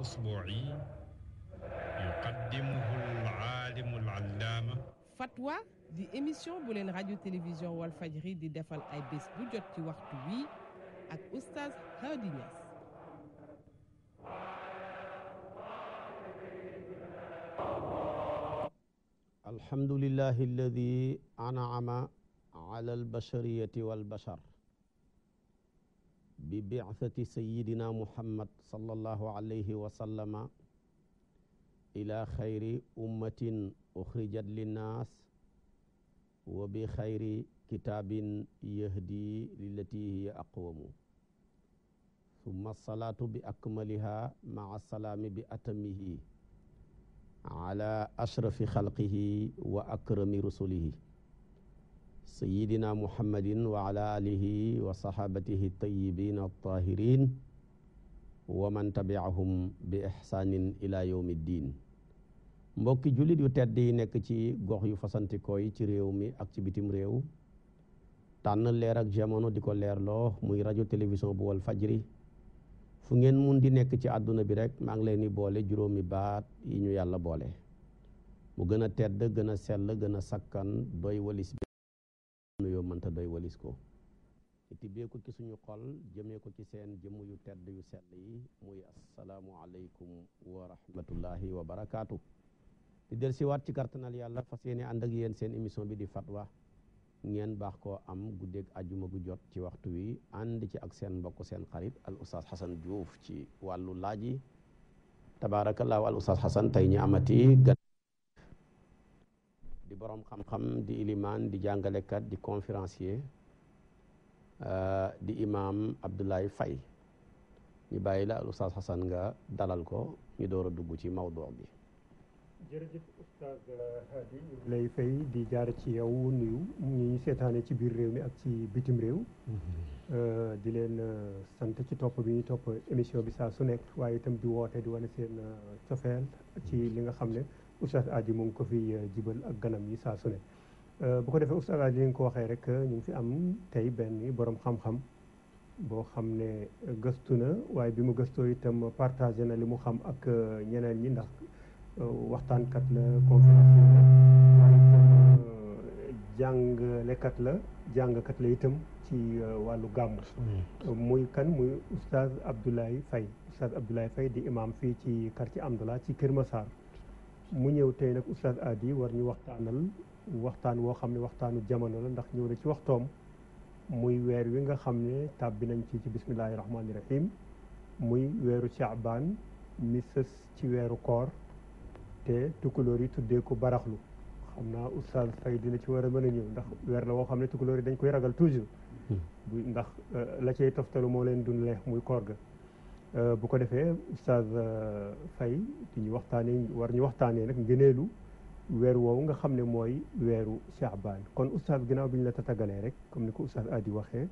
الأسبوعي يقدمه العالم العلامة Fatwa di émission bu leen radio télévision Walfadjri di defal ay bés bu jot ci waxtu wi ak oustaz Hady Niass alhamdulillahi alladi an'ama ala albashariyati walbashar bi bi'thati sayyidina muhammad sallallahu alayhi wa sallama ila xayri ummatin uxrijat linnaas wa bi xayri kitaabin yahdi lillati hiya aqwamu summa salaatu bi akmaliha maa salaami bi atamihi ala ashrafi xalqihi wa akrami rusulihi sayidina muhammadin wa ala alihi wa sahabatihi tayyibin at-tahirin wa man tabi'ahum bi ihsanin ila yawmi mbokki jullit yu tedd yi nekk ci gox yu fasantikoo yi ci réew mi ak ci bitim réew tànn leer ak jamono di ko leerloo muy rajo télévision bu wal fajri fu ngeen mun di nekk ci àdduna bi rek maa ngi leen di boole juróomi baat yi ñu yàlla boole mu gën a tedd gën a sell gën a sakkan doy walis nuyoo mënta doy walis ko tibbee ko ci suñu xol jëmee ko ci seen jëmm yu tedd yu sell yi muy asalaamu aleykum wa rahmatullahi wa barakaatu di del siwaat ci kartanal yàlla fa yéene ànd ak yéen seen émission bi di fatwa ngeen baax ko am guddeeg ajuma gu jot ci waxtu wi ànd ci ak seen mbokk seen xarit al oustaz Xasan Diouf ci wàllu laaj yi al oustaz Xasan tey ñu gan borom xam di ilimaan di jàngalekat di conférencier euh, di imaam Abdoulaye fay ñu bàyyi la Oustaz Hassan nga dalal ko ñu door a dugg ci mawduu bi. jërëjëf lay fay di jaar ci yow nuyu ñi ñu seetaane ci biir réew mi ak ci bitim réew. Mm-hmm. Euh, di leen euh, sant ci topp bi ñu topp émission bi saa su nekk waaye itam di woote di wane seen cofeel ci li nga xam ne. oustaz Aji mu ngi ko fi euh, jibal ak ganam yi saa su euh, bu ko defee oustaz Aji nga ko waxee rek euh, ñu ngi fi am tey benn borom xam boo xam ne gëstu na waaye bi mu gëstoo itam partagé na li mu xam ak ñeneen ñi waxtaankat la conférencier la la jàngkat la itam ci wàllu gàmm kan muy oustaz Abdoulaye Faye oustaz Abdoulaye Faye di imam fii ci quartier Amdala ci Kër Massar mu ñëw tey nag Oustaz Hady war ñu waxtaanal waxtaan woo xam ne waxtaanu jamono la ndax ñëw na ci waxtoom muy weer wi nga xam ne tàbbi nañ ci ci bismillahi rahmaani rahim muy weeru caabaan mi sës ci weeru koor te tukulóor yi tuddee ko baraxlu xam naa Oustaz Faye dina ci war a mën a ñëw ndax weer la woo xam ne tukulóor yi dañ koy ragal toujours. Hmm. ndax euh, la cay toftalu moo leen dun leex muy koor ga. Euh, bu ko defee oustaz euh, fay di waxtaanee war ñu waxtaanee nag ngëneelu weer woowu nga xam ne mooy weeru Shaaban kon oustaz ginnaaw bi ñu la tatagalee rek comme ni ko oustaz Adi waxee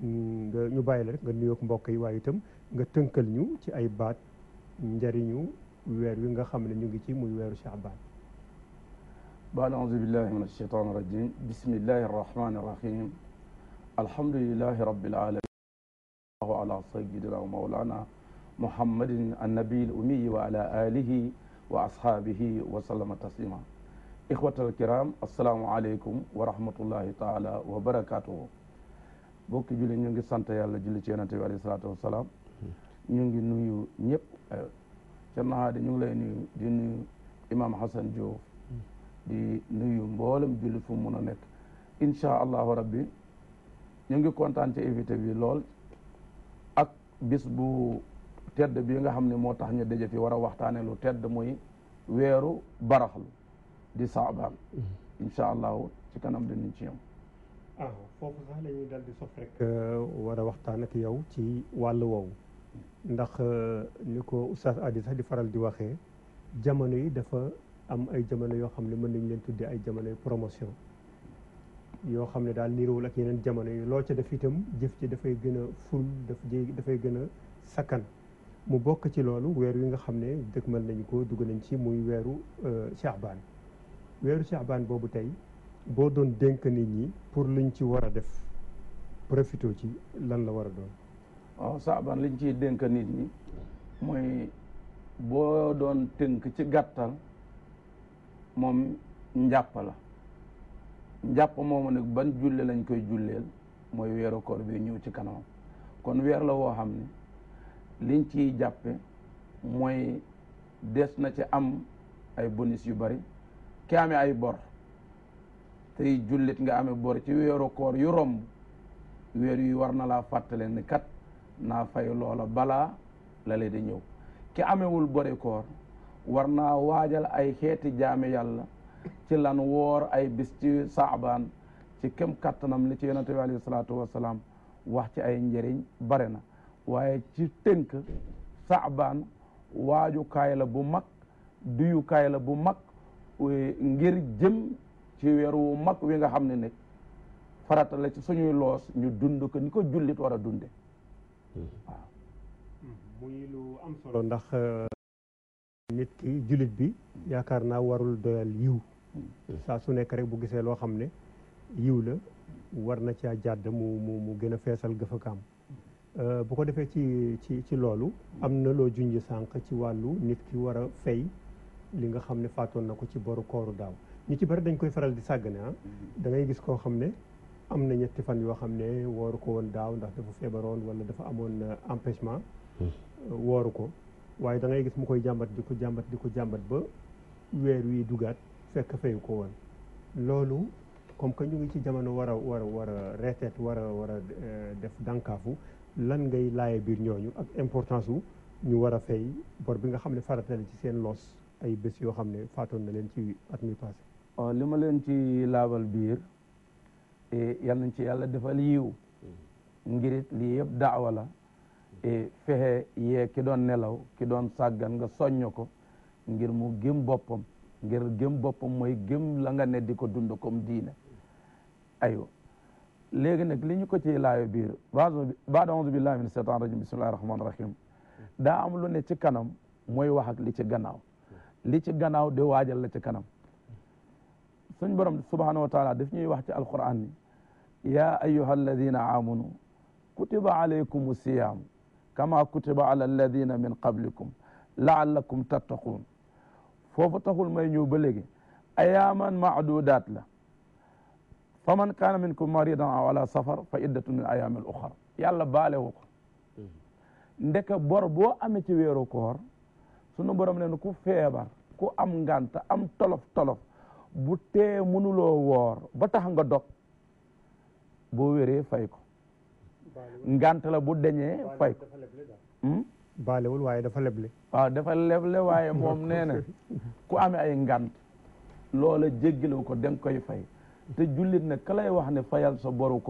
nga ñu bàyyi la rek nga nuyoog mbokk yi waaye itam nga tënkal ñu ci ay baat njëriñu weer wi nga xam ne ñu ngi ci muy weeru Shaaban. baad auzu billahi min ashaytaan rajim bismillahi arrahmani arrahim alhamdulilahi rabbil alamin على سيدنا ومولانا محمد النبي الأمي وعلى آله وأصحابه وسلم تسليما إخوة الكرام السلام عليكم ورحمة الله تعالى وبركاته bokki julli ñu ngi sant yàlla julli ci yonente bi alayhi salaatu wasalaam ñu ngi nuyu ñëpp Cerno Haadi ñu ngi lay nuyu di nuyu imam Hassan Diouf di nuyu mboolem julli fu mu mun a nekk incha allahu rabbi ñu ngi kontaan ci invité bi lool bis bu tedd bi nga xam ne moo tax ñu daje fi war a waxtaane lu tedd muy weeru baraxlu di saabaan mm-hmm. incha allahu ci kanam dinañ ci yem ah foofu sax la dal di sof rek uh, war a waxtaan ak yow ci wàll woowu ndax uh, ni ko oustaz Adi sax di faral di waxee jamono yi dafa am ay jamono yoo xam ne mën nañ leen tudde ay jamonoy promotion yoo xam ne daal niroowul ak yeneen jamono yi loo ca def itam jëf ci dafay gën a ful daf dafay gën a sakkan mu bokk ci loolu weer wi nga xam ne dëgmal nañu koo dugg nañ ci muy weeru Shaaban euh, weeru Shaaban boobu tey boo doon dénk nit ñi pour luñ ci war a def profito ci lan la war a doon. waaw Shaaban liñ dénk nit ñi mooy boo doon tënk ci gàttal moom njàpp la. njàpp moomu nag ban julle lañ koy julleel mooy weeru koor bi ñëw ci kanamam kon weer la woo xam ne liñ ciy jàppe mooy des na ci am ay bonus yu bari ki amee ay bor tey jullit nga amee bor ci weeru koor yu romb weer yu war na laa fàttale ni kat naa fay loola balaa la lee di ñëw ki amewul bori koor war naa waajal ay xeeti jaame yàlla ci lanwoor ay bis ci saabaan ci kem kattanam li ci yonente bi alayhi salaatu wax ci ay njëriñ bare na waaye ci tënk saabaan waajukaay la bu mag duyukaay la bu mag ngir jëm ci weer wu mag wi nga xam ne nag farata la ci suñuy loos ñu dund ko ni ko jullit war a dunde waaw muy lu am solo ndax nit ki jullit bi yaakaar na warul doyal yiw saa su nekk rek bu gisee loo xam ne yiw la war na caa jàdd mu mu gën a feesal gëfakaam euh, bu ko defee ci ci ci loolu am na loo junj sànq ci wàllu nit ki war a fay li nga xam ne faatoon na ko ci boru kooru daaw ñu ci bari dañ koy faral di sàggane ah da ngay gis koo xam ne am na ñetti fan yoo xam ne wooru ko woon daaw ndax dafa feebaroon wala dafa amoon euh, empêchement hmm. wooru ko waaye dangay gis mu koy jàmbat di ko jàmbat di ko jàmbat ba weer wi dugaat fekk fayu ko woon loolu comme que ñu ngi ci jamono war a war a war a war a war a euh, def dànkaafu lan ngay laaye biir ñooñu ak importance wu ñu war a fay bor bi nga xam ne farata ci seen loos ay bés yoo xam ne faatoon na leen ci at mi passé waaw li ma leen ci laabal biir e, yal nañ ci yàlla defal yiw mm-hmm. ngirit lii yëpp daawala la e, fexe yee ki doon nelaw ki doon sàggan nga soññ ko ngir mu gëm boppam ngir gëm boppam mooy gëm la nga ne di ko dund comme diine aywa léegi nag li ñu ko ci laayo biir baada auzu billahi min shaytan rajim bismillahi rahmani rahim daa am lu ne ci kanam mooy wax ak li ci gannaaw li ci gannaaw de waajal la ci kanam suñ borom subhanahu wa taala daf ñuy wax ci alquran ni ya ayuha alladina amanu kutiba alaykum siyam kama kutiba ala alladina min qablikum laallakum tattaqun foofu taxul may ñëw ba léegi ayaaman maadudaat la fa man kaana minkum maridan aw wala safar fa iddatu min ayaamin uxar yàlla baalewu ko ndeka bor boo amee ci weeru koor sunu borom leen ku feebar ku am ngant am tolof tolof bu tee mënuloo woor ba tax nga dog boo wéree fay ko ngant la bu deñee fay ko balewul waaye dafa leble waaw dafa leble waaye moom nee na ku amee ay ngant loola jéggilu ko danga koy fay te jullit ne ka lay wax ne fayal sa boru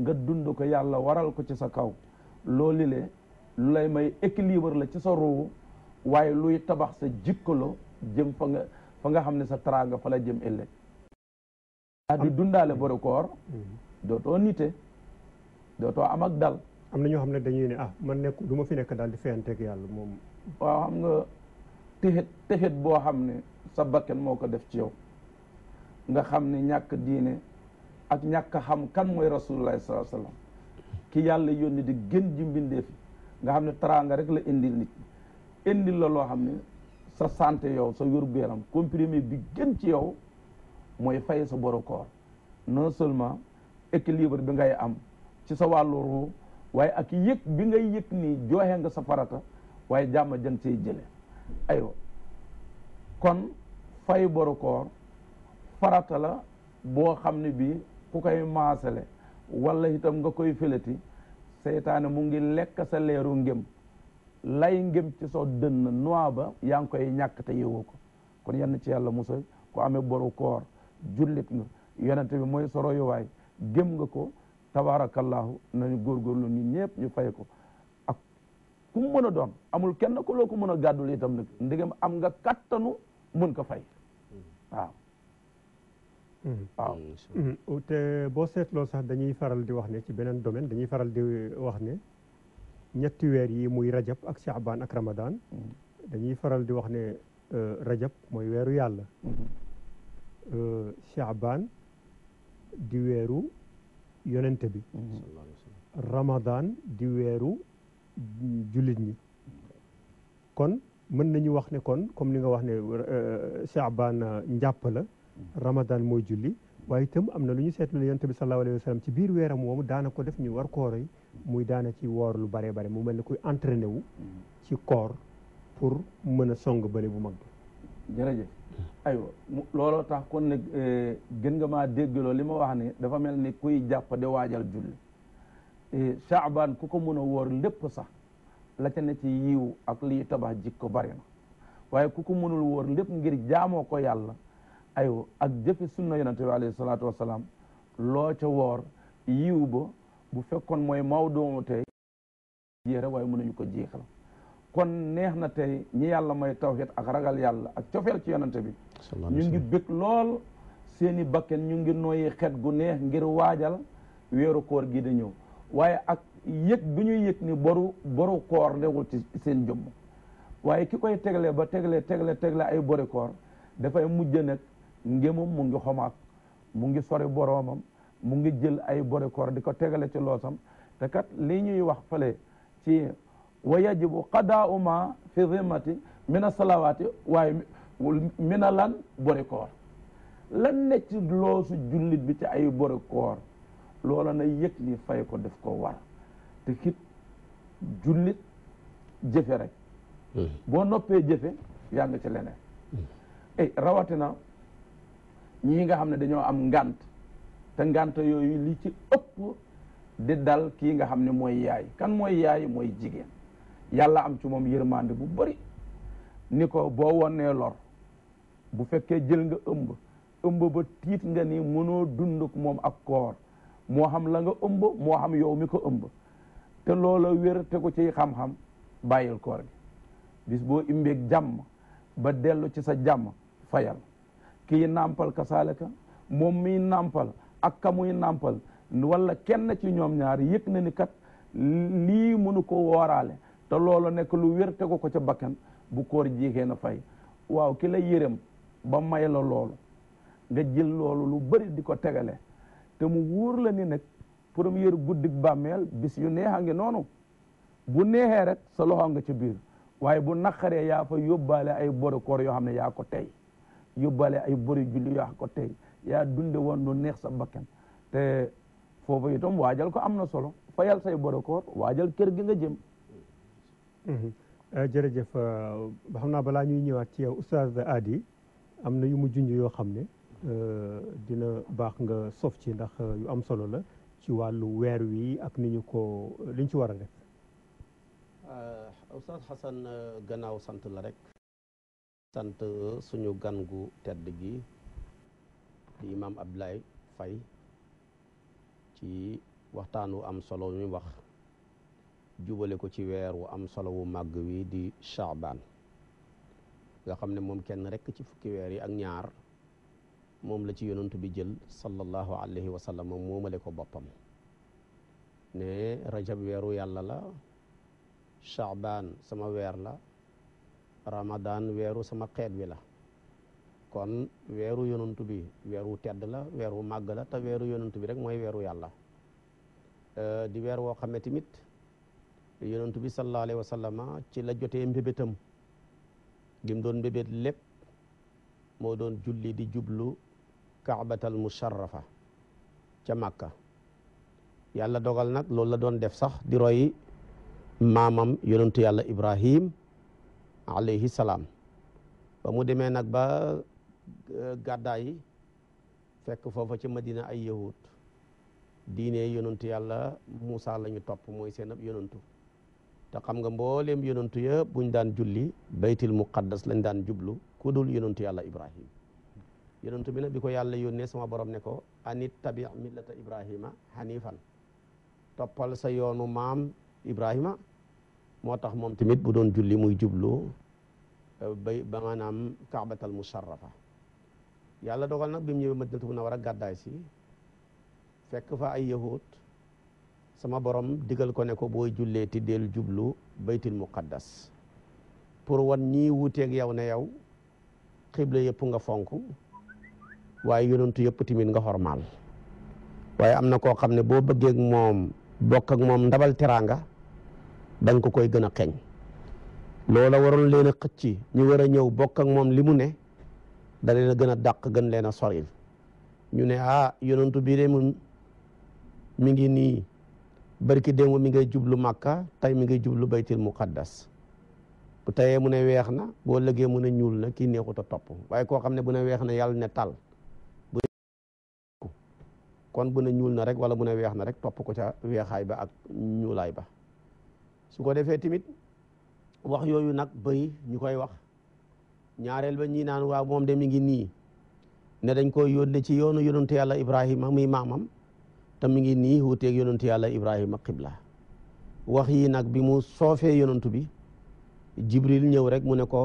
nga dund ko yàlla waral ko ci sa kaw loolu le lu lay may équilibre la ci sa ruu waaye luy tabax sa jikkalo jëm fa nga fa nga xam ne sa teraanga fa la jëm ëllëg daa di dundaale boru koor mm-hmm. dootoo nite dootoo am ak dal am na ñoo xam ne dañuy ne ah man nekku duma fi nekk daal di feyanteeg yàlla moom. waaw xam nga texit texit boo xam ne sa bakken moo ko def ci yow nga xam ne ñàkk diine ak ñàkk xam kan mooy rasulullah sallallahu alayhi wasallam ki yàlla yónni di gën ji mbindeef nga xam ne teraanga rek la indil nit la loo xam ne sa santé yow sa wérgu yaram comprimé bi gën ci yow mooy fay sa boru non seulement équilibre bi ngay am ci sa wàllu ruu waaye ak yëg bi ngay yëg nii jooxe nga sa farata waaye jàmm jang say jële aywa kon fay boru koor farata la boo xam ne bii ku koy maasale wala itam nga koy fëlati seytaane mu ngi lekk sa leeru ngëm lay ngëm ci soo dënn noa ba yaa ngi koy ñàkk te yëwoo ko kon yenn ci yàlla musal ku amee boru koor jullit nga yonente bi mooy soroyuwaay gëm nga ko tabaarakallaahu nañu góorgóorlu ñun ñëpp ñu fay ko ak ku mu mën a doon amul kenn ku loo ko mën a gàddul itam nag ndegam am nga kattanu mën ko fay waaw mm-hmm. te boo seetloo sax dañuy faral di wax ne ci beneen domaine dañuy faral di wax ne ñetti weer yi muy rajab ak shaabaan mm-hmm. dañuy faral di wax ne euh, rajab mooy weeru yàlla mm-hmm. euh, shaabaan di weeru yonente bi ramadan di weeru jullit ñi kon mën nañu wax ne kon comme li nga wax ne euh, Shaaban njàpp la ramadan mooy julli waaye itam am na lu ñu seetlu ne yonente bi sallallahu alayhi wa sallam ci biir weeram moomu daana ko def ñu war kooroy muy daana ci woor lu bare bare mu mel ne kuy entraîné wu ci koor pour mën a song bële bu mag bi aywa looloo tax kon nag eh, gën nga maa déggloo li ma wax ni dafa mel ni kuy jàpp di waajal julli eh, caabaan ku ko mun woor lépp sax la ca ne ci yiw ak lii tabax jikko bari waaye ku ko mënul wóor lépp ngir jaamoo ko yàlla aywa ak jëfe sunna yonente bi alayhi salaatu loo ca woor yiw ba bu fekkoon mooy mawduu tey jeex rek waaye mënuñu ko jeexal kon neex na tey ñi yàlla may tawhid ak ragal yàlla ak cofeel ci yonante bi ñu ngi bëgg lool seeni bakken ñu ngi nooyi xet gu neex ngir waajal weeru koor gi di ñëw waaye ak yëg bi ñuy yëg ni boru boru koor newul ci seen jëmm waaye ki koy tegle ba tegle tegle tegle ay bori koor dafay mujj nag ngémam mu ngi xomaat mu ngi sori boroomam mu ngi jël ay bori di ko tegale ci loosam te kat li ñuy wax fale ci wa yajibu qadaa ma fi zimmati mina salawaati waaye mina lan bori koor lan ne ci loosu jullit bi ci ay bori koor loola na yëg ni fay ko def ko war te kit jullit jëfe rek hmm. boo noppee jëfe yaa ngi ci leneen hmm. eh, rawatina ñi nga xam ne dañoo am ngant te ngant yooyu li ci ëpp di dal kii nga xam ne mooy yaay kan mooy yaay mooy jigéen yàlla am ci moom yërmande bu bari ni ko boo wonee lor bu fekkee jël nga ëmb ëmb ba tiit nga ni mënoo dund moom ak koor moo xam la nga ëmb moo xam yow mi ko ëmb te loola wér te ko ci xam-xam bàyyil koor gi bis boo imbeeg jàmm ba dellu ci sa jàmm fayal ki nàmpal kasaaleka moom miy nàmpal ak ka nàmpal walla kenn ci ñoom ñaar yëg na ni kat lii mënu ko wooraale te loolo nekk lu wér tegu ko ca bakkan bu koor jiixee na fay waaw ki la yërëm ba may la loolu nga jël loolu lu bëri di ko tegale te mu wóor la ni nag première guddik bàmmeel bis yu neexa ngi noonu bu neexee rek sa loxo nga ci biir waaye bu naqaree yaa fa yóbbaale ay boru koor yoo xam ne yaa ko tey yóbbaale ay boru julli yaa ko tey yaa dunde woon lu neex sa bakkan te foofu itam waajal ko am na solo fayal say boru koor waajal kër gi nga jëm Mm-hmm. Euh, jërëjëf euh, ba xam naa balaa ñuy ñëwaat ci yow oustaz Adi am na yu mu junj yoo xam ne euh, dina baax nga sof ci ndax yu am solo la ci wàllu weer wi ak ni ñu ko liñ ci war a def. oustaz gannaaw sant la rek. sant suñu gan gu tedd gi di imaam Abdoulaye fay ci waxtaanu am solo mi wax. jubale ko ci weer wu am solo wu màgg wi di Shaaban nga xam ne moom kenn rek ci fukki weer yi ak ñaar moom la ci yonontu bi jël sallallahu alayhi wa sallam moomale ko boppam ne rajab weeru yàlla la Shaaban sama weer la Ramadan weeru sama xeet wi la kon weeru yonent bi weeru tedd la weeru màgg la te weeru yonent bi rek mooy weeru yàlla di weer woo xam ne yonentu bi sallallahu alayhi ci la jotee mbébétam gim doon mbébét lépp moo doon julli di jublu kaabatal musharrafa ca màkka yàlla dogal nag loolu la doon def sax di roy maamam yonentu yàlla ibrahim alayhi salaam ba mu demee nag ba e, gàddaa fekk foofa ci madina ay yahud diine yonentu yàlla Muusa la topp mooy seen ab te xam nga mbooleem yonantu yëpp buñ daan julli baytil muqaddas lañ daan jublu ku dul yonantu yàlla ibrahim yonantu bi nag bi ko yàlla yónnee sama borom ne ko anit tabi millata ibrahima hanifan toppal sa yoonu maam ibrahima moo tax moom tamit bu doon julli muy jublu eh, bay ba maanaam kaabatal musharrafa yàlla dogal nag bi mu ñëwee madinatu munawwara gàddaay si fekk fa ay yahud sama borom digal ko ne ko booy ti del jublu baytul muqaddas pour wan ñii wuuteeg yow ne yow xibla yëpp nga fonk waaye yonantu yëpp tamit nga xormaal waaye am na koo xam ne boo bëggeeg moom bokk ak moom ndabal teraanga da ko koy gën a xeeñ loola waroon leen a xëcc ñu war a ñëw bokk ak moom li mu ne da leen a gën a dàq gën leen a soril ñu ne ah yonantu bii de mu ngi nii barki démb mi ngay jublu màkka tey mi ngay jublu baytil muqaddas bu teyee mu ne weex na boo lëgee mu ne ñuul na kii neexut a topp waaye koo xam ne bu ne weex na yàlla ne tal bu kon bu ne ñuul na rek wala bu ne weex na rek topp ko ca weexaay ba ak ñuulaay ba su ko defee tamit wax yooyu nag bëri ñu koy wax ñaareel ba ñii naan waaw moom de mi ngi nii ne dañ koy yónne ci yoonu te yàlla Ibrahima muy maamam te ngi nii wuuteeg yonentu yàlla ibrahima qibla wax yi nag bi mu soofee yonentu bi jibril ñëw rek mu ne ko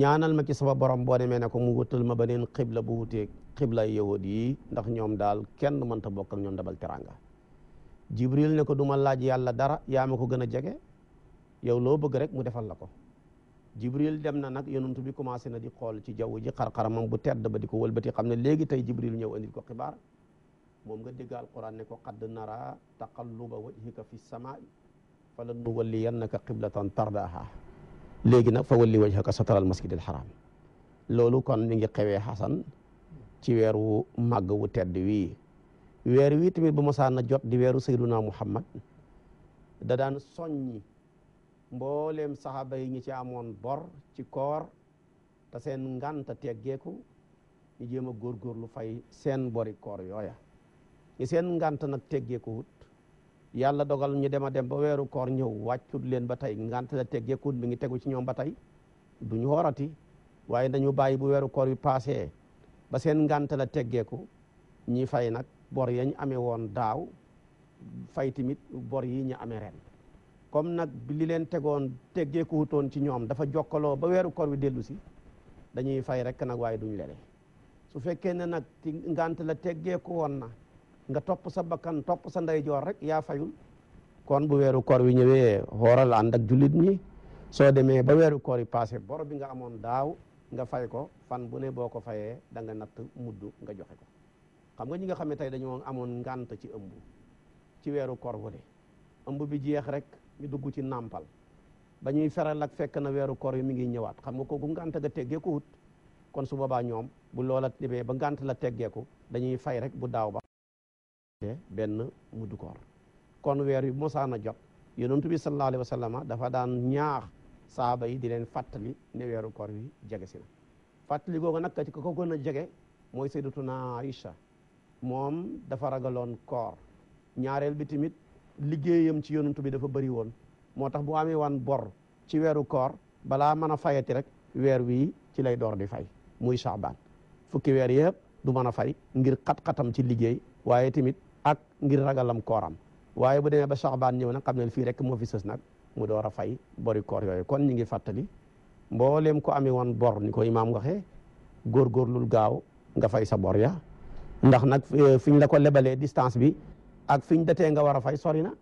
ñaanal ma ci sama borom boo demee ne ko mu wutal ma beneen xibla bu wuteeg xibla yahud yi ndax ñoom daal kenn mënta bokk ak ñoom dabal teranga jibril ne ko du laaj yàlla dara yaa ma ko gën a jege yow loo bëgg rek mu defal la ko jibril dem na nak yonent bi commencé na di xool ci jaww ji xar bu tedd ba di ko wëlbati xam ne léegi tey jibril moom nga dégg alquran ne ko qad nara taqalluba wajhika fi samaai fa la nuwalliyannaka qiblatan tardaha léegi nag fa walli wajhaka satara al masjid al haram loolu kon mi ngi xewee xasan ci weeru wu màgg wu tedd wii weer wii tamit bu mosaan na jot di weeru sayduna muhammad da daan soññi mbooleem saxaaba yi ñi ci amoon bor ci koor ta seen ngànta teggeeku ñu jéem a góorgóorlu fay seen bori koor yooya ñi seen ngant nag teggeeku wut yàlla dogal ñu dem a dem ba weeru koor ñëw wàccut leen ba tey ngant la teggeeku wut mi ngi tegu ci ñoom ba tey duñu xoorati waaye dañu bàyyi bu weeru koor bi passé ba seen ngant la teggeeku ñi fay nag bor yañ amee woon daaw fay tamit bor yi ñu amee ren comme nag bi li leen tegoon teggeeku wutoon ci ñoom dafa jokkaloo ba weeru koor bi dellu si dañuy fay rek nag waaye duñ lele su fekkee ne nag ci la teggeeku woon na nga topp sa bakkan topp sa ndeyjoor rek yaa fayul kon bu weeru koor wi ñëwee xooral ànd ak jullit ñi soo demee ba weeru koor yi passé bor bi nga amoon daaw nga fay ko fan bu ne boo ko fayee da nga natt mudd nga joxe ko xam nga ñi nga xam ne tey dañoo amoon ngànt ci ëmb ci weeru koor wu ëmb bi jeex rek ñu dugg ci nàmpal ba ñuy feral ak fekk na weeru koor yi mi ngi ñëwaat xam nga kooku ngànt ga teggeeku wut kon su boobaa ñoom bu loola demee ba ngante la teggeeku dañuy fay rek bu daaw ba te benn muddu koor kon weer wi mosaan a jot yonentu bi sallallahu alayhi wa dafa daan ñaax saaba yi di leen fàttali ne weeru koor wi jege si na fàttali googu nag ka ci ko kon a jege mooy sayyidatuna Aïcha moom dafa ragaloon koor ñaareel bi tamit liggéeyam ci yonentu bi dafa bëri woon moo tax bu amee wan bor ci weeru koor balaa mën a fayati rek weer wi ci lay door di fay muy Shaaban fukki weer yëpp du mën a fay ngir xat-xatam ci liggéey waaye tamit ak ngir ragalam kooram waaye bu demee ba saxbaan ñëw na xam ne fii rek moo fi sës nag mu door a fay bori koor yooyu kon ñi ngi fàttali mbooleem ko amee woon bor ni ko imaam waxee lul gaaw nga fay sa bor ya ndax nag eh, fi ñu la ko lebalee distance bi ak fi ñu nga war a fay sori na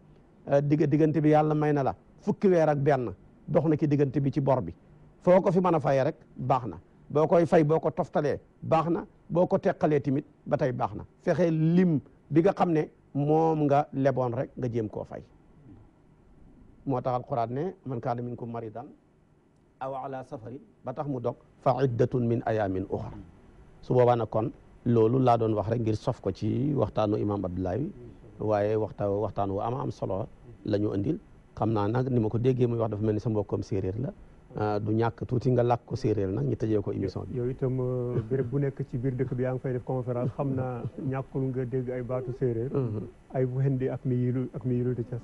eh, digg diggante bi yàlla may na la fukki weer ak benn dox na ki diggante bi ci bor bi foo ko fi mën a fayee rek baax na boo koy fay boo ko toftalee baax na boo ko teqalee tamit ba tey baax na bi nga xam ne moom nga leboon rek nga jéem koo fay moo tax alquran ne man kaana minkum maridan aw ala safari ba tax mu dog fa iddatun min ayamin uxar su boobaa nag kon loolu laa doon wax rek ngir sof ko ci waxtaanu imam Abdoulaye waaye waxta waxtaan wu ama am solo la ñu andil xam naa nag ni ma ko déggee muy wax dafa mel ni sa mbokkoom séeréer la Ah, du ñàkk tuuti nga làkk ko séeréer nag ñu tëjee ko émission bi. yow itam euh, béréb bu nekk ci biir dëkk bi yaa ngi fay def conférence xam na ñàkkul nga dégg ay baatu séeréer. Mhm. ay bu hendi ak mi yilu ak mi yilu di cas.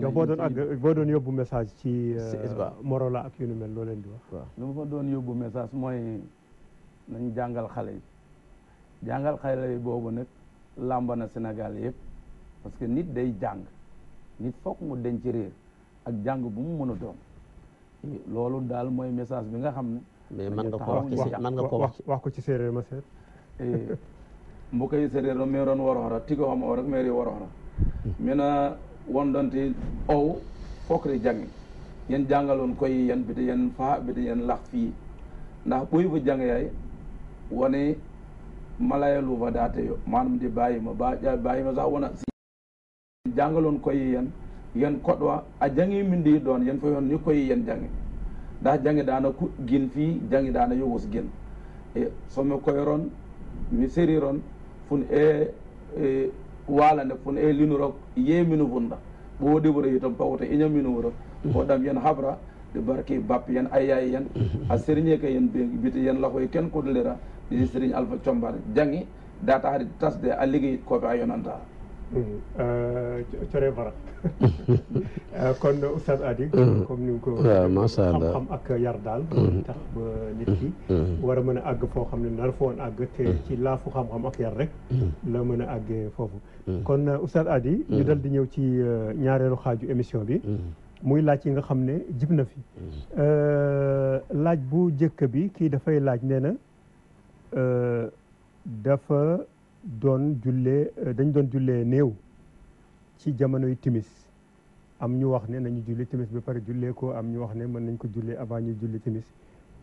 yow doon ak boo message ci. Euh, Morola loo leen di wax. waaw li ma fa doon message mooy jàngal xale yi jàngal xale yi boobu nag làmba na Sénégal yëpp parce que nit day jàng nit foog mu denc réer ak jàng bu mu mën a doon. loolu daal mooy message bi nga xam ne. mais mën nga ko ci mën nga ko wax wax ko ci séeréer ma seet. Eh, mbuka séeréer o meeroon woroxora tigo xam o rek meeri woroxora mina wondonti ow fokri jangi yen jàngaloon koy yen biti yen faa biti yen lax fii ndax ɓoy fo jang yaay woni malaya luufa daate yo manum di bàyyi ma ba bàyyi ma sax wona si jàngaloon koy yen yen koɗwa a jangi minde ɗon yen fof on ni koye yen jangi da jangi dana guin fi jangi dana yogos guin e somi koyeron mi sériron fun e, e walande fun e linuro yemino funda ɓowoɗi wuro yitan pawoto iñamino wuro mm-hmm. oɗam yen habra ɗi barki bappe yen ayyaye yen mm-hmm. a sérigne ka yen bita yen lahoye ken kodolira ɗi sérigne alpha combar jangi data haade tasde a liggeyit koɓe a yonanta Euh, Coré Barak. Euh, kon Oustaz Adi. Mm-hmm. comme ni nga ko. waaw allah xam ak yar daal. Mm-hmm. tax ba nit ki. Mm-hmm. war a mën a àgg foo xam ne nar àgg ci laafu xam-xam rek. la mën a àggee foofu. kon euh, Oustaz Adi. ñu dal di ñëw ci ñaareelu xaaju émission bi. muy laaj yi nga xam ne jib na fi. laaj bu jëkk bi kii dafay laaj nee na dafa. doon jullee euh, dañ doon jullee néew ci jamonoy timis am ñu wax ne nañu julli timis ba pare jullee ko am ñu wax ne mën nañ ko jullee avant ñuy julli timis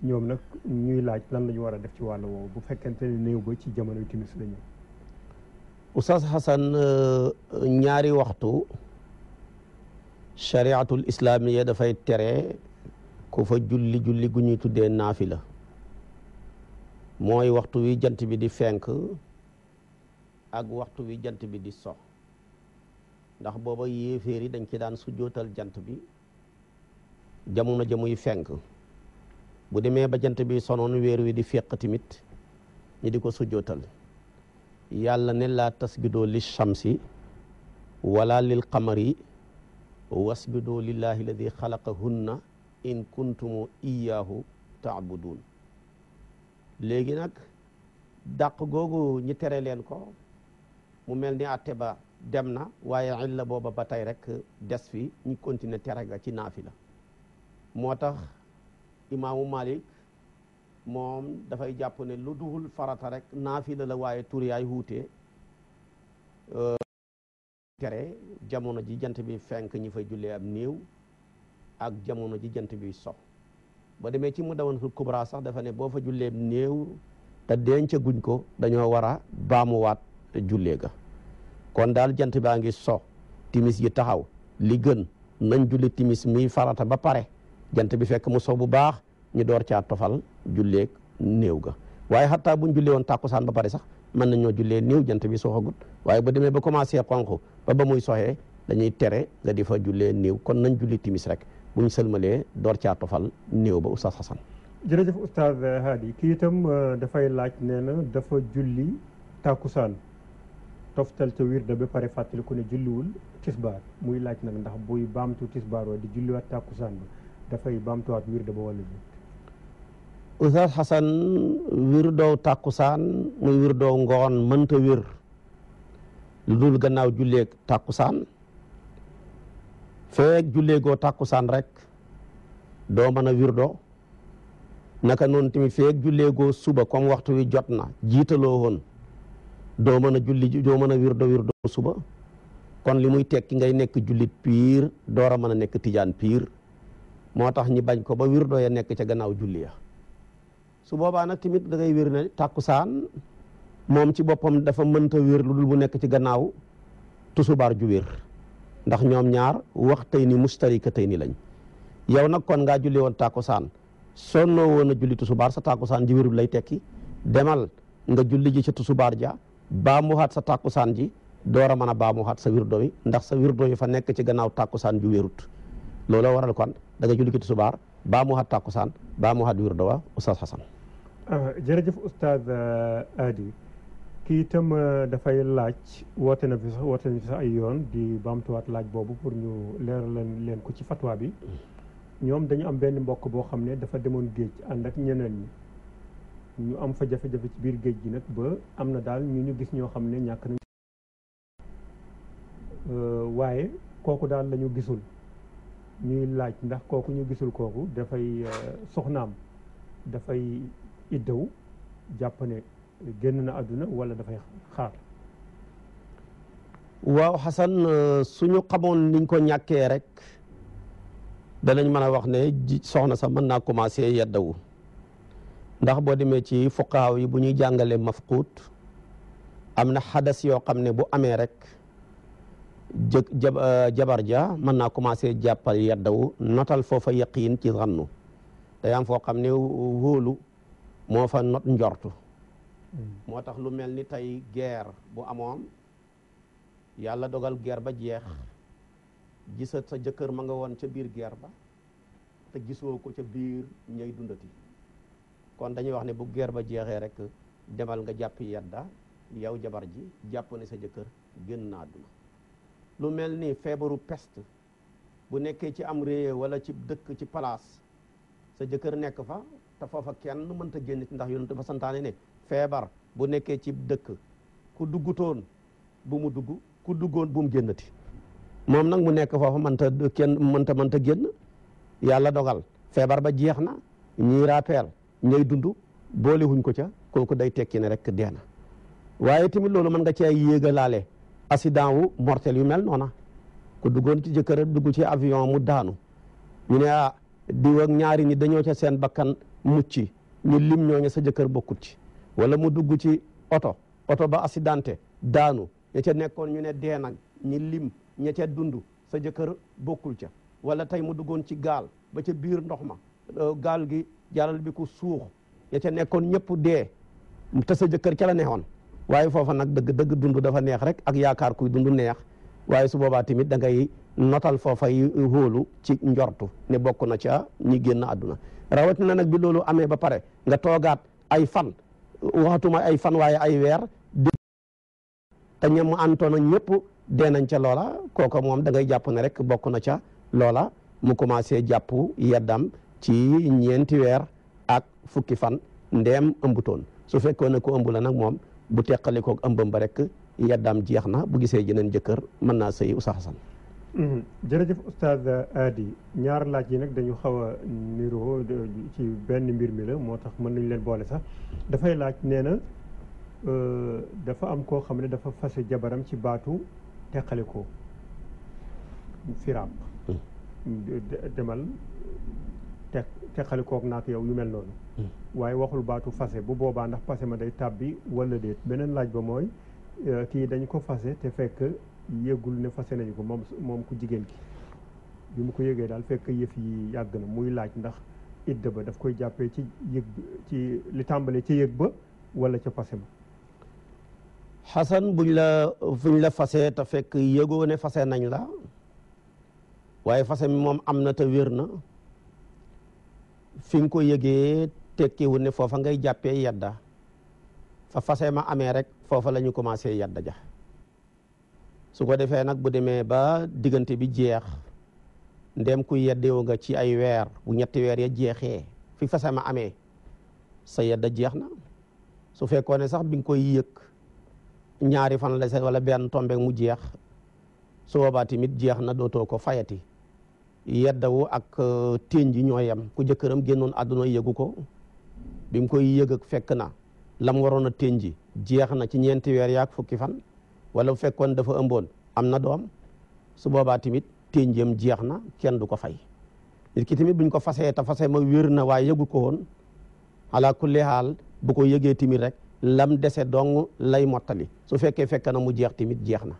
ñoom nag ñuy laaj lan la ñu war a def ci wàll woowu bu fekkente ne néew ba ci jamonoy timis la ñu Oustaz euh, ñaari waxtu chariatul islaamiya dafay tere ku fa julli julli gu ñuy tuddee naafila mooy waxtu wi jant bi di fenk ak waxtu wi jant bi di so ndax booba yéeféer yi dañ ci daan sujjootal jant bi jamono jamuy fenk bu demee ba jant bi sonoon weer wi di féq tamit ñi di ko sujjootal yàlla ne laa tas tasjudoo li shamsi wala lil qamari wasjudoo lillahi alladi xalaqahunna in kuntumu iyaahu taabudun léegi nag dàq googu ñi tere leen ko mu mel ni atte ba dem na waaye illa booba ba tey rek des fi ñu continuer tere ga ci la moo tax imaamu Malik moom dafay jàpp ne lu duhul farata rek naafila la la waaye tur yaay wuute euh, tere jamono ji jant bi fenk ñi fa jullee am néew ak jamono ji jant bi so ba demee ci mu dawoon sul kubra sax dafa ne boo fa jullee néew te denca guñ ko dañoo war a baamuwaat jullee ga kon daal jant baa ngi so timis yi taxaw li gën nañ julli timis muy farata ba pare jant bi fekk mu so bu baax ñu door caa tofal julleeg néew ga waaye xataa buñ jullee woon tàkkusaan ba pare sax mën nañoo jullee néew jant bi soxagut waaye bu demee ba commencé xonq ba ba muy soxee dañuy tere nga di fa jullee néew kon nañ julli timis rek buñ sëlmalee door caa tofal néew ba oustaz Xasan jërëjëf oustaz Hadi kii itam euh, dafay laaj nee na dafa julli tàkkusaan toftal te wirde ba pare fàttaliku ne julliwul tisbaar muy laaj nag ndax buy baamtu tisbaar wa di julliwaat tàkkusaan ba dafay baamtuwaat wirde ba wala déet Oustaz Xasan wirdoow tàkkusaan muy wirdoow ngoon mënta wir lu dul gannaaw julleeg tàkkusaan feeg julleegoo tàkkusaan rek doo mën a wirdoo naka noonu tamit feeg julleegoo suba comme waxtu wi jot na jiitaloo woon doo mën a julli doo mën a wirdo wirdo suba kon li muy tekki ngay nekk jullit piir door a mën a nekk tijaan piir moo tax ñi bañ ko ba wirdo ya nekk ca gannaaw julli ya su boobaa nag tamit da ngay wér ne tàkkusaan moom ci boppam dafa mënta wér lu dul bu nekk ci gannaaw tusubaar ju wér ndax ñoom ñaar wax tey ni mustarika tey ni lañ yow nag kon ngaa julli woon tàkkusaan sonnoo woon a julli tusubaar sa tàkkusaan ji wérul lay tekki demal nga julli ji ca tusubaar ja baamuwaat sa tàkkusaan ji door mën a baamuwaat sa wirdo ndax sa wirdo wi fa nekk ci gannaaw tàkkusaan ju wérut looloo waral kon da nga julli ci tisbaar baamuwaat tàkkusaan baamuwaat wirdo wa oustaz Xasan euh, jërëjëf oustaz euh, Adi kii itam euh, dafay laaj woote na fi sax woote na fi ay yoon di baamtuwaat laaj boobu pour ñu leeral leen ko ci fatwa bi mm. ñoom dañu am benn mbokk boo xam ne dafa demoon géej ànd ak ñeneen ñi ñu am fa jafe-jafe ci biir géej gi nag ba am na daal ñu ñu gis ñoo xam ne ñàkk nañ euh, waaye kooku daal lañu gisul ñuy laaj ndax kooku ñu gisul kooku dafay euh, soxnaam dafay iddaw jàpp ne génn na àdduna wala dafay xaar waaw Xasan euh, suñu xamoon nuñ ko ñàkkee rek danañ mën a wax ne soxna sax mën naa commencé yeddawu ndax boo demee ci fuqaaw yi bu ñuy jàngale mafquud am na xadas yoo xam ne bu amee rek jë euh, jabar ja mën naa commencé jàppal yaddawu notal foofa yaqiin ci rannu day foo xam ne wóolu moo fa not njortu hmm. moo tax lu mel ni tey guerre bu amoon yàlla dogal guerre ba jeex hmm. gisa sa jëkkër ma nga woon ca biir guerre ba te gisoo ko ca biir ñay dundati kon dañuy wax ne bu geer ba jeexee rek demal nga jàpp yedda yow jabar ji jàpp ne sa jëkkër génn na àdduna lu mel ni feebaru pest bu nekkee ci am réew walla ci dëkk ci palaas sa jëkkër nekk fa te foofa kenn mënta génn ci ndax yonent ba santaane ne feebar bu nekkee ci dëkk ku duggutoon bu mu dugg ku duggoon bu mu génnati moom nag mu nekk foofa mënta kenn mënta mënta génn yàlla dogal feebar ba jeex na ñii rappel ñay dund boole wuñ ko ca kooku day tekki ne rek dee na waaye tamit loolu man nga cee yéegalaale accident wu mortel yu mel noona ku duggoon ci jëkkër a dugg ci avion mu daanu ñu ne ah diw ak ñaari nit dañoo ca seen bakkan mucc ñu lim ñooñu sa jëkkër bokkut ci wala mu dugg ci oto oto ba accidenté daanu ña ca nekkoon ñu ne dee nag ñi lim ña ca dund sa jëkkër bokkul ca wala tey mu duggoon ci gaal ba ca biir ndox ma euh, gaal gi jaral bi ku suux ya ca nekkoon ñëpp dee ta sa jëkkër ca la neexoon waaye foofa nag dëgg dëgg dund dafa neex rek ak yaakaar kuy dund neex waaye su boobaa tamit da ngay notal foofa yi hóolu ci njortu ne bokk na ca ñi génn àdduna na nag bi loolu amee ba pare nga toogaat ay fan waxatuma ay fan waaye ay weer di te ñem mu antoona ñëpp dee nañ ca loola kooka moom da ngay jàpp ne rek bokk na ca loola mu commencé jàpp yeddam ci ñeenti weer ak fukki fan ndeem ëmbutoon su fekkoon ne ko ëmb la nag moom bu teqali koog ëmbam ba rek yaddaam jeex na bu gisee jeneen jëkkër mën naa sëy Oustaz Assane mhm. jërëjëf Oustaz Adi ñaar laaj yi nag dañu xaw a niroo ci benn mbir mi la moo tax mën nañu leen boole sax dafay laaj nee na euh, dafa am koo xam ne dafa fase jabaram ci baatu teqale ko firaaq hmm. demal teqalikoog naak yow yu mel noonu hmm. waaye waxul baatu fase bu boobaa ndax fase ma day tàbbi wala déet beneen laaj ba mooy euh, kii dañ ko fase te fekk yëgul ne fase nañu ko moom moom ku jigéen ki bi mu ko yëgee daal fekk yëf yi yàgg na muy laaj ndax idda ba daf koy jàppee ci yëg ci li tàmbalee ca yëg ba wala ca fase ma buñ la fuñ la fase te fekk ne fase nañ la waaye fase mi moom am na te wér na fi nga ko yëgee tekkiwul ne foofa ngay jàppee yadda fa fase ma amee rek foofa la ñu commencé yadda ja su ko defee nag bu demee ba diggante bi jeex ndem ku yeddewu nga ci ay weer bu ñetti weer ya jeexee fi fase ma amee sa yadda jeex na su fekkoon ne sax bi nga koy yëg ñaari fan la set wala benn tombe mu jeex su boobaa tamit jeex na dootoo ko fayati yeddawu ak euh, téen ji ñoo yem ku jëkkëram génnoon àdduna yëgu ko bi mu koy yëg ak fekk na lam waroon a téen jeex na ci ñeenti weer ak fukki fan wala bu fekkoon dafa ëmboon am na doom su boobaa tamit téen jeex na kenn du ko fay nit ki tamit buñ ko fasee te fase ma wér na waaye yëgu ko woon ala kulli bu ko yëgee tamit rek lam dese dong lay mottali su fekkee fekk na mu jeex tamit jeex na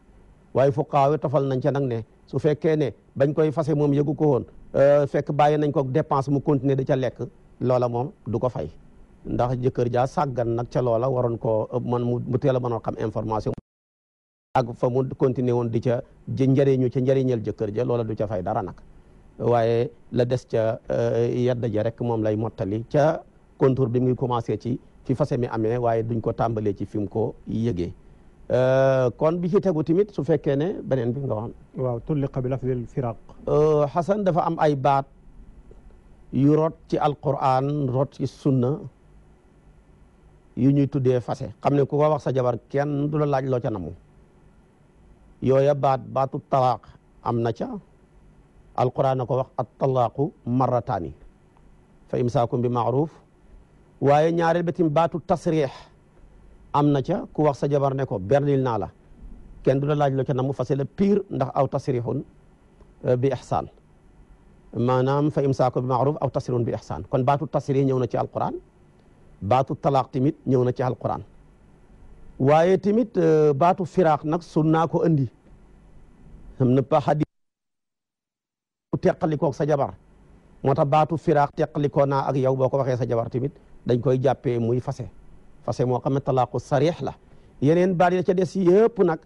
waaye fuqaawe tofal nañ ca nag ne su fekkee ne bañ koy fase moom yëgu ko woon euh, fekk bàyyi nañ ko dépense mu continuer da ca lekk loola moom du ko fay ndax jëkkër jaa sàggan nag ca loola waroon koo euh, man mu teel a mënoon xam information ak fa mu continuer woon di ca jë njëriñu ca njëriñal jëkkër ja loola du ca fay dara nag waaye la des ca euh, yedda ja rek moom lay mottali ca contour bi muy commencé ci fi fase mi amee waaye duñ ko tàmbalee ci fi mu ko yëgee Euh, kon bi ci tegu tamit su fekkee ne beneen bi nga waxoon. waaw tulliqa bi lafdil firaq. Euh, Xasan dafa am ay baat yu rot ci alquran rot ci sunna yu ñuy tuddee fase xam ne ku ko wax sa jabar kenn du la laaj loo ca namu yooya baat baatu talaaq am na ca alquran na ko wax at talaaqu marrataani fa imsaakum bi maaruf waaye ñaareel ba tamit baatu tasriix am na ca ku wax sa jabar ne ko bernil naa la kenn du la laaj loo ca namu fase la piir ndax aw tasrihun euh, bi ihsaan maanaam fa imsaaku bi maaruf aw tasrihun bi ihsaan kon baatu tasrih ñëw na ci alquran baatu talaaq tamit ñëw na ci alquran waaye tamit euh, baatu firaax nag sunnaa ko andi am na pa xadis teqalikoog sa jabar moo tax baatu firaax teqalikoo naa ak yow boo ko waxee sa jabar tamit dañ koy jàppee muy fase fase moo xam ne talaaqu sarix la yeneen baat yi ca des yëpp nag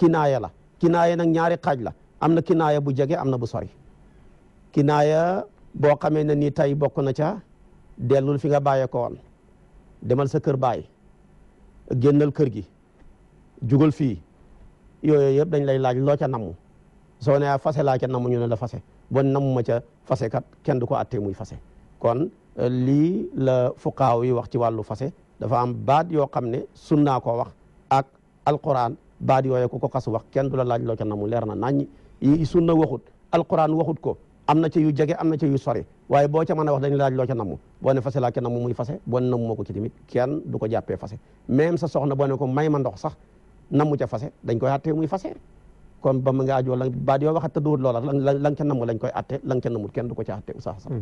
kinaaya la kinaaya nag ñaari xaaj la am na kinaaya bu jege am na bu sori kinaaya boo xamee ne nii tey bokk na ca dellul fi nga bàyyee ko demal sa kër baay génnal kër gi jugal fii yooyu yëpp dañ lay laaj loo ca namm soo ne fase laa ca namm ñu la fase bon ma ca fase kat kenn du ko attee muy fase kon lii la fuqaaw yi wax ci wàllu fase dafa am baat yoo xam ne sunnaa ko wax ak alquran baat yooye ku ko xas wax kenn du la laaj loo ca namu mu leer na nañ yi sunna waxut alquran waxut ko am na ci yu jege am na ci yu sori waaye boo ca mën a wax dañu laaj loo ca namu boo ne fase laa ca namu muy fase boo ne namu moo ko ci tamit kenn du ko jàppee fase même sa soxna boo ne ko may ma ndox sax namu ca fase dañ koy àttee muy fase comme ba mu nga ajoo la baat yoo waxat te duwut loola la la nga ca namu lañ koy àtte la nga kenn du ko ca àtte oustaz sax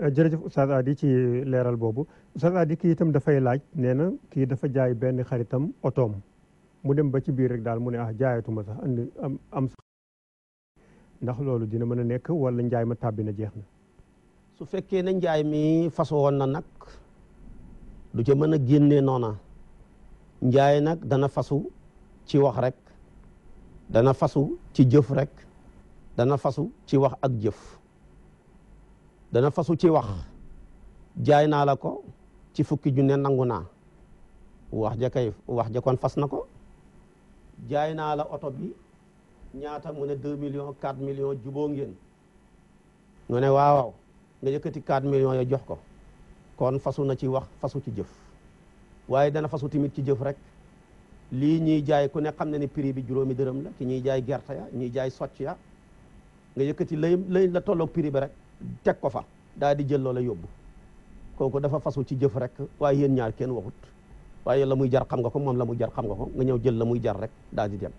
jërëjëf Oustaz Adi ci leeral boobu Oustaz Adi kii itam dafay laaj nee na kii dafa jaay benn xaritam otoom mu dem ba ci biir rek daal mu ne ah jaayatuma sax am ndax loolu dina mën a nekk wala njaay ma tàbbi na jeex na. su fekkee ne njaay mi faso woon na nag du ca mën a génne noona njaay nag dana fasu ci wax rek dana fasu ci jëf rek dana fasu ci wax ak jëf. dana fasu ci wax jaay naa la ko ci fukki junne nangu naa wax ja kay wax ja kon fas na ko jaay naa la oto bi ñaata mu ne deux millions quatre millions juboo ngeen mu ne waawaaw nga yëkkati quatre millions ya jox ko kon fasu na ci wax fasu ci jëf waaye dana fasu tamit ci jëf rek lii ñuy jaay ku ne xam na ne piri bi juróomi dërëm la ki ñuy jaay gerte ya ñuy jaay socc ya nga yëkkati lay la tolloog prix bi rek teg ko fa daal di jël loola yóbbu kooku dafa fasu ci jëf rek waaye yéen ñaar kenn waxut waaye la muy jar xam nga ko moom la muy jar xam nga ko nga ñëw jël la muy jar rek daal di dem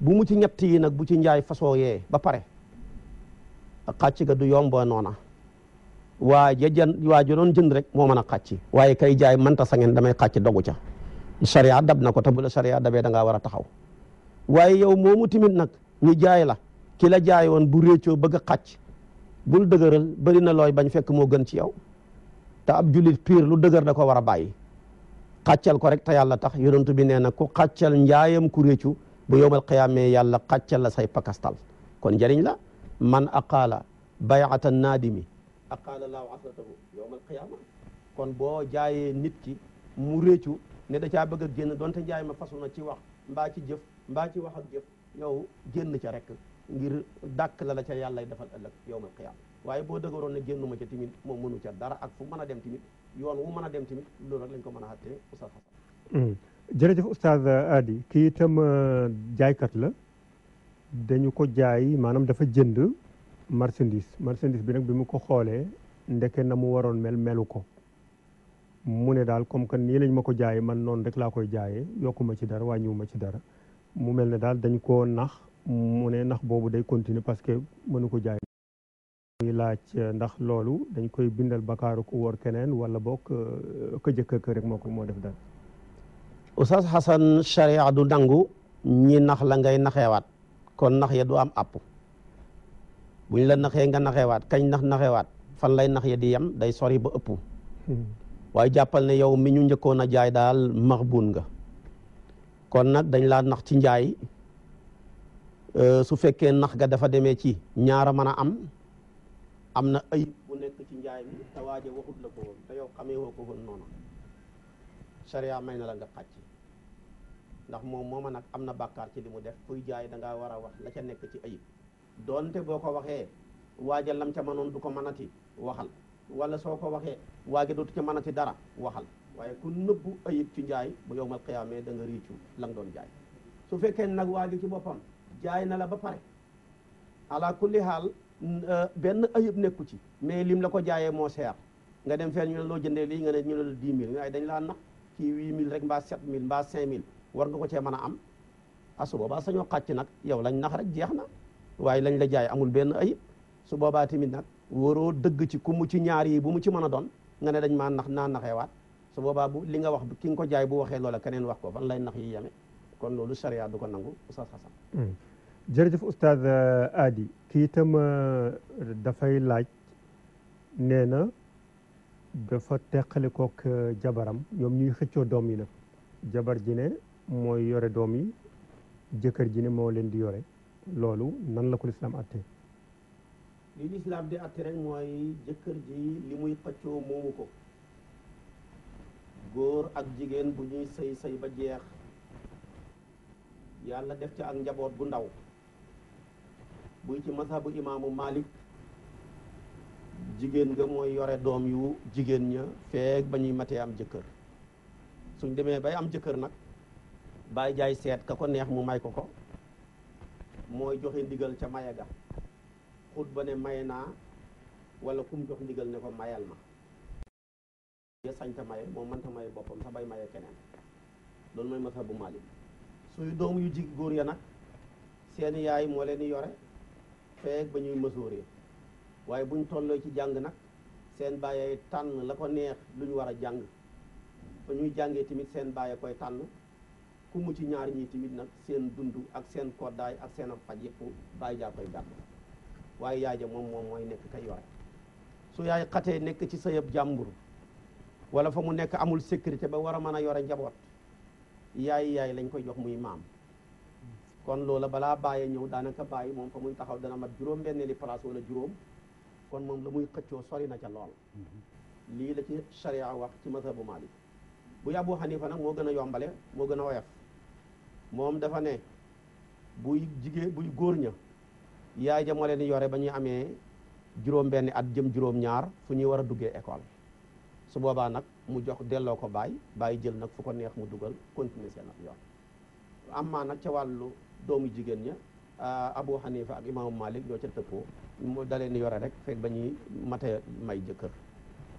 bu mu ci ñett yi nag bu ci njaay fasoo yee ba pare xàcc ga du yomba noona waa ja jan waa ja doon jënd rek moo mën a xàcc waaye kay jaay man mënta sangeen damay xàcc dogu ca sariya dab na ko te bu la dabee da ngaa war a taxaw waaye yow moomu timit nag ñu jaay la ki la jaayoon bu réccoo bëgg a xàcc bul dëgëral bari na looy bañ fekk moo gën ci yow te ab jullit pire lu dëgër da ko war a bàyyi xàccal ko rek te yàlla tax yonentu bi nee na ku xàccal njaayam ku réccu bu yowmal qiyaamee yàlla xàccal la say pakastal kon njëriñ la man aqaala bayata naadimi aqaala laahu asratahu yowmal qiyaama kon boo jaayee nit ki mu ne da caa bëgg a génn donte njaay ma fasu na ci wax mbaa ci jëf mbaa ci wax ak génn ca rek ngir dàkk la la ca yàllay defal ëllëg yowmal qiyaama waaye boo dëgëroon ne génnuma ca timit moom mënu ca dara ak fu mën a dem timit yoon wu mën a dem timit loolu rek lañ ko mën a xattee oustaz hmm. jërëjëf oustaz Adi kii itam euh, jaaykat la dañu ko jaay maanaam dafa jënd marchandise marchandise bi nag bi mu ko xoolee ndeke na mu waroon mel melu ko mu ne daal comme que nii lañ ma ko jaayee man noonu rek laa koy jaayee yokkuma ci dara wàññiwuma ci dara mu mel ne daal dañ koo nax mu ne ndax boobu day continuer parce que mënu ko jaay muy laaj euh, ndax loolu dañ koy bindal bakaaru ku wor keneen wala boog euh, ka jëkk kër rek moo ko moo def daal Oustaz Hassan charia du nangu ñi nax la ngay naxewaat kon nax ya du am àpp buñ la naxee nga naxewaat kañ nax naxewaat fan lay nax ya di yem day sori ba ëpp hmm. waaye jàppal ne yow mi ñu njëkkoon a jaay daal max buun nga kon nag dañ laa nax ci njaay Euh, su fekkee nax ga dafa demee ci ñaara mën a am am na ayib bu nekk ci njaay mi te waaje waxut la ko woon te yow xamee woo ko woon noonu sariya may na la nga xàcc ndax moom mooma nag am na bàkkaar ci li def kuy jaay da ngaa war a wax la ca nekk ci ayib doonte boo ko waxee waaja lam ca mënoon du ko mënati waxal wala soo ko waxee waaja dootu ca mënati dara waxal waaye ku nëbbu ayib ci njaay bu yowmal xiyaamee da nga réccu la nga doon jaay su fekkee nag jaay na la ba pare ala kulli haal euh, benn ayib nekku ci mais lim la ko jaayee moo seer nga dem fenn ñu ne loo jëndee lii nga ne ñu ne la 10 000 dañ laa nax kii 8000 rek mbaa 7000 mbaa 5000 war nga ko cee mën a am asu ah, boobaa sañoo xàcc nag yow lañ nax rek jeex na waaye lañ la jaay amul benn ayib su boobaa tamit nag waroo dëgg ci ku mu ci ñaar yi bu mu ci mën a doon nga ne dañ maa nax naa naxeewaat su boobaa bu li nga wax ki nga ko jaay bu waxee loola keneen wax ko fan lay nax yi yeme kon loolu charia du ko nangu oustaz Xasan hmm. jërëjëf oustaz euh, Adi kii itam euh, dafay laaj nee na dafa teqali kook euh, jabaram ñoom ñuy xëccoo doom yi nag jabar ji ne mooy yore doom yi jëkkër ji ne moo leen di yore loolu nan la ko lislaam atte li lislaam di atte rek mooy jëkkër ji li muy xëccoo moomu ko góor ak jigéen bu ñuy say say ba jeex yàlla def ci ak njaboot bu ndaw buy ci masabu imaamu Malik jigéen nga mooy yore doom yu jigéen ña feeg ba ñuy matee am jëkkër suñ demee bay am jëkkër nag bàyyi jaay seet ka ko neex mu may ko ko mooy joxe ndigal ca maye ga xut ba ne may naa wala kum jox ndigal ne ko mayal ma ya sañta maye moom mënta maye boppam sa bay maye keneen loolu mooy masabu Malik suñu doom yu jig góor ya nag seen yaay moo leen yore feek ba ñuy mësooree waaye buñ tolloo ci jàng nag seen bàyyee tànn la ko neex lu ñu war a jàng ba ñuy jàngee tamit seen bàyyee koy tànn ku mu ci ñaar ñii tamit nag seen dund ak seen koddaay ak seen faj yëpp bàyyi jaa koy gàtt waaye yaay ja moom moom mooy nekk kay yore su yaay xatee nekk ci sëyab jàmbur wala fa mu nekk amul sécurité ba war a mën a yore njaboot yaay yaay lañ koy jox muy maam kon loola balaa bàyyee ñëw daanaka bàyyi moom fa muy taxaw dana mat juróom benn li place wala juróom kon moom la muy xëccoo sori na ca lool mm-hmm. lii la ci sharia wax ci mazhabu Malik bu Abu Hanifa nag moo gën a yombale moo gën a woyof moom dafa ne buy jigée buy góor ña yaay ja moo leen yore ba ñuy amee juróom benn at jëm juróom ñaar fu ñuy war a duggee école su boobaa nag mu jox delloo ko baay baay jël nag fu ko neex mu dugal continuer seen ak yoon amaa nag ca wàllu doomu jigéen ña ah, Abu Hanifa ak imaamu Malik ñoo ca tëppoo mu dalee ni yore rek fekk ba ñuy mate may jëkkër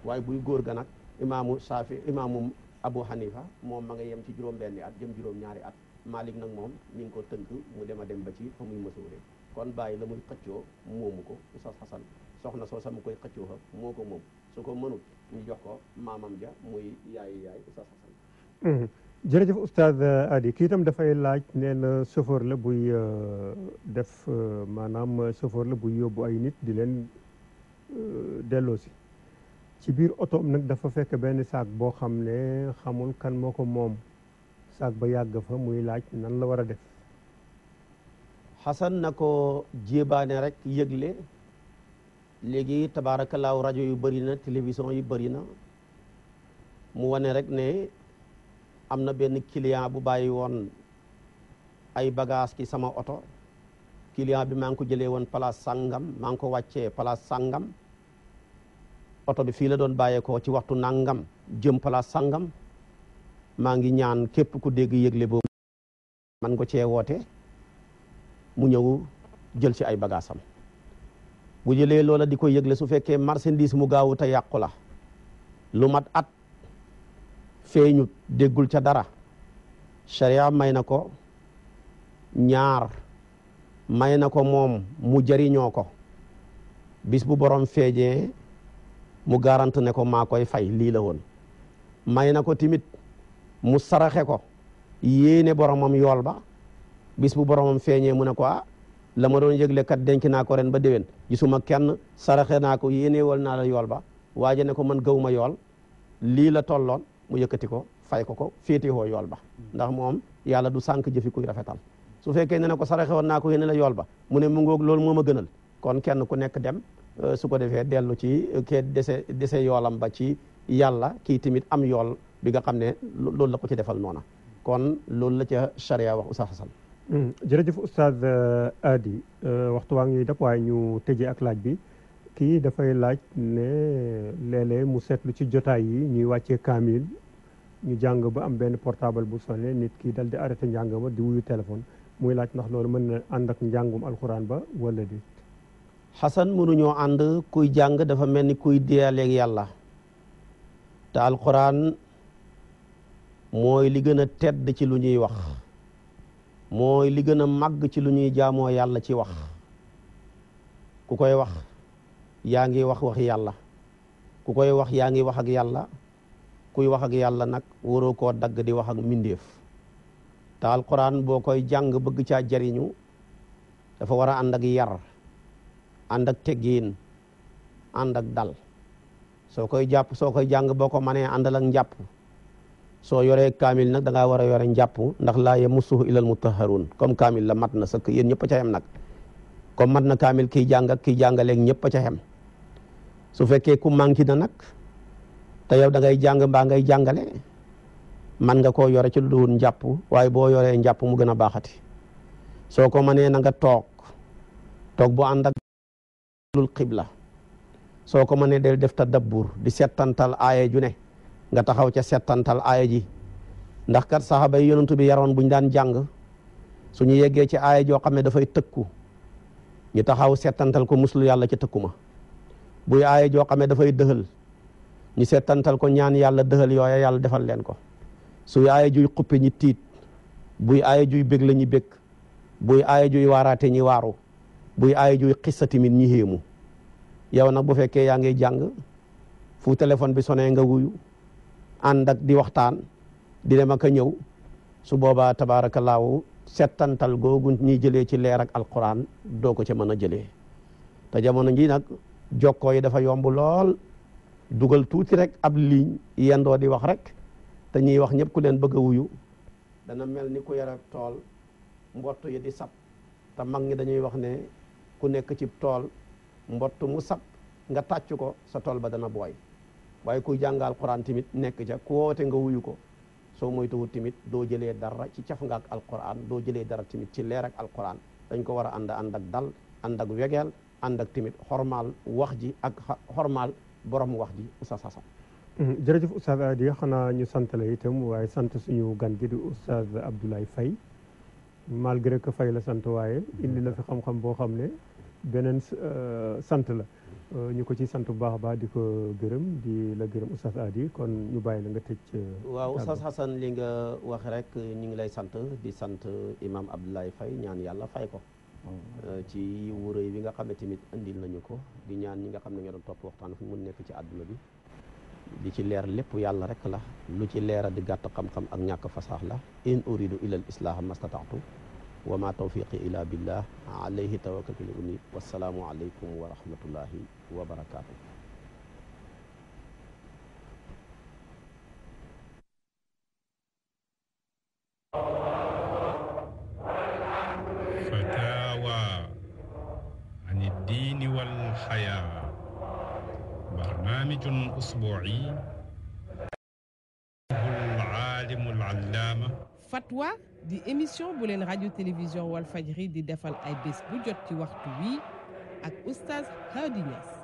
waaye buy góor ga nag imaamu Saafi imaamu Abu Hanifa moom ma nga yem ci juróom-benni at jëm juróom-ñaari at Malik nag moom mi ngi ko tënk mu dem a dem ba ci fa muy mësuure kon bàyyi la muy xëccoo moomu ko Oustaz Xasan soxna soo sax mu koy xëccoo moo ko moom soko ko mënut ñu jox ko maamam ja muy yaay yaay Oustaz Assane mhm. jërëjëf Oustaz Adi kii itam dafay laaj nee na chauffeur la buy euh, def euh, maanaam chauffeur la buy yóbbu ay nit di leen euh, delloosi ci biir otoom nag dafa fekk benn saak boo xam ne xamul kan moo ko moom saak ba yàgg fa muy laaj nan la war a def xasan na ko jébaane rek yëgle léegi tabaarakallaahu rajo yu bëri na télévision yi bëri na mu wane rek ne am na benn client bu bàyyi woon ay bagage ci sama oto client bi maa ngi ko jëlee woon place sangam maa ngi ko wàccee place sangam oto bi fii la doon bàyyeekoo ci waxtu nangam jëm place sangam maa ngi ñaan képp ku dégg yëgle boobu man ko cee woote mu ñëw jël ci ay bagaasam bu jëlee loola di ko yëgle su fekkee marchandise mu gaawu te la lu mat at feeñu déggul ca dara sharia may na ko ñaar may na ko moom mu jariñoo ko bis bu borom feeñee mu garante ne ko maa koy fay liila woon may na ko timit mu saraxe ko yéene boromam yool ba bis bu boromam feeñee mu ne ko ah la ma doon yëgle kat denc naa ko ren ba déwén gisuma kenn saraxe naa ko wal naa la yool ba waaje ne ko man gawuma yool lii la tolloon mu yëkkati ko fay ko ko féetewoo yool ba ndax moom yàlla du sànq jëfi kuy rafetal su fekkee ne ne ko saraxe woon naa ko yéene la yool ba mu ne mu ngoog loolu moo gënal kon kenn ku nekk dem euh, su ko defee dellu ci euh, ke dese dese yoolam ba ci yàlla kii tamit am yool bi nga xam ne loolu la ko ci defal noona kon loolu la ca charia wax Oustaz Assane Mm, jërëjëf oustaz eh, Adi eh, waxtu waa ngi dab waaye ñu tëjee ak laaj bi kii dafay laaj ne léeg mu seetlu ci jotaay yi ñuy wàccee kaamil ñu jàng ba am benn portable bu sonné nit ki dal di arrêté njàng ma di wuyu téléphone muy laaj ndax loolu mën na ànd ak njàngum alxuraan ba wala di xasan mënuñoo ànd kuy jàng dafa mel ni kuy diyaaleeg yàlla te alxuraan mooy li gën a tedd ci lu ñuy wax mooy li gën a màgg ci lu ñuy jaamoo yàlla ci wax ku koy wax yaa ngi wax wax yàlla ku koy wax yaa ngi wax ak yàlla kuy wax ak yàlla nag waroo koo dagg di wax ak mbindéef te alquran boo koy jàng bëgg caa jariñu dafa war a ànd ak yar ànd ak teggiin ànd ak dal soo koy jàpp soo koy jàng boo ko manee àndal ak njàpp soo yoree kaamil nag da ngaa war a yore njàpp ndax laa yamassuhu illal mutahharuun comme kaamil la mat na sëkk yéen ñëpp ca xem nag comme mat na kaamil kiy jàng ak kiy jàngaleeg ca xem su fekkee ku manqué na nag te yow da ngay jàng mbaa ngay jàngale man nga koo yore ci lu dul njàpp waaye boo yoree njàpp mu gën a baaxati soo ko mënee na nga toog toog bu ànd ak lul xibla soo ko mënee del def tadabbur di settantal aaya ju ne nga taxaw ca settantal aaya ji ndax kat saxaaba yi yonantu bi yaroon ñu daan jàng su ñu yeggee ci aaya joo xam ne dafay tëkku ñu taxaw settantal ko muslu yàlla ca tëkkuma ma buy aaya joo xam ne dafay dëhal ñu setantal ko ñaan yàlla dëhal yooya yàlla defal leen ko suy aaya juy xuppe ñi tiit buy aaya juy bég la bég buy aaya juy waaraate ñi waaru buy aaya juy xissa tamit ñi xéemu yow nag bu fekkee yaa ngay jàng fu téléphone bi sonee nga wuyu ànd ak di waxtaan di dem ak a ñëw su boobaa tabaarakallaahu settantal googu ñuy jëlee ci leer ak alquran doo ko ca mën a jële te jamono ji nag jokkoo yi dafa yomb lool dugal tuuti rek ab ligne yendoo di wax rek te ñuy wax ñëpp ku leen bëgg a wuyu dana mel ni ku yara tool mbott yi di sab ta mag ñi dañuy wax ne ku nekk ci tool mbott mu sab nga tàcc ko sa tool ba dana booy waaye kuy jàngal Alquran tamit nekk ca ku woote nga wuyu ko soo moytuwul tamit doo jëlee dara ci caf nga ak Alquran doo jëlee dara tamit ci leer ak Alquran dañ ko war a ànd ànd ak dal ànd ak wegeel ànd ak tamit xormaal wax ji ak xormaal borom wax ji Oustaz Assane. Mm-hmm. jërëjëf Oustaz Adi xanaa ñu sant la itam waaye sant suñu gan gi di Oustaz Abdoulaye fay malgré que fay la sant waaye indi na fi xam-xam boo xam ne beneen euh, sant la. Euh, ñu ko ci sant bu baax a baax di ko gërëm di la gërëm Oustaz Hady kon ñu bàyyi la nga tëj. Euh, waaw Oustaz Assane li nga wax rek ñu ngi lay sant di sant imam Abdoulaye fay ñaan yàlla fay ko. Mm. Euh, ci yiwu bi nga xam ne tamit indil nañu ko di ñaan ñi nga xam ne ñoo doon topp waxtaan fu mu nekk ci àdduna bi. di ci leer lépp yàlla rek la lu ci leera di gàtt xam-xam ak ñàkk fasaax la in uridu ilal islaaha mastata'tu wa ma tawfiqi illa billah alayhi tawakkaltu li uni wassalaamu aleykum wa rahmatullahi wa barakaatu الحياة برنامج أسبوعي العالم العلامة fatwa di émission bu leen rajo télévision Walfajri di defal ay bés bu jot ci waxtu wi ak oustaz Hady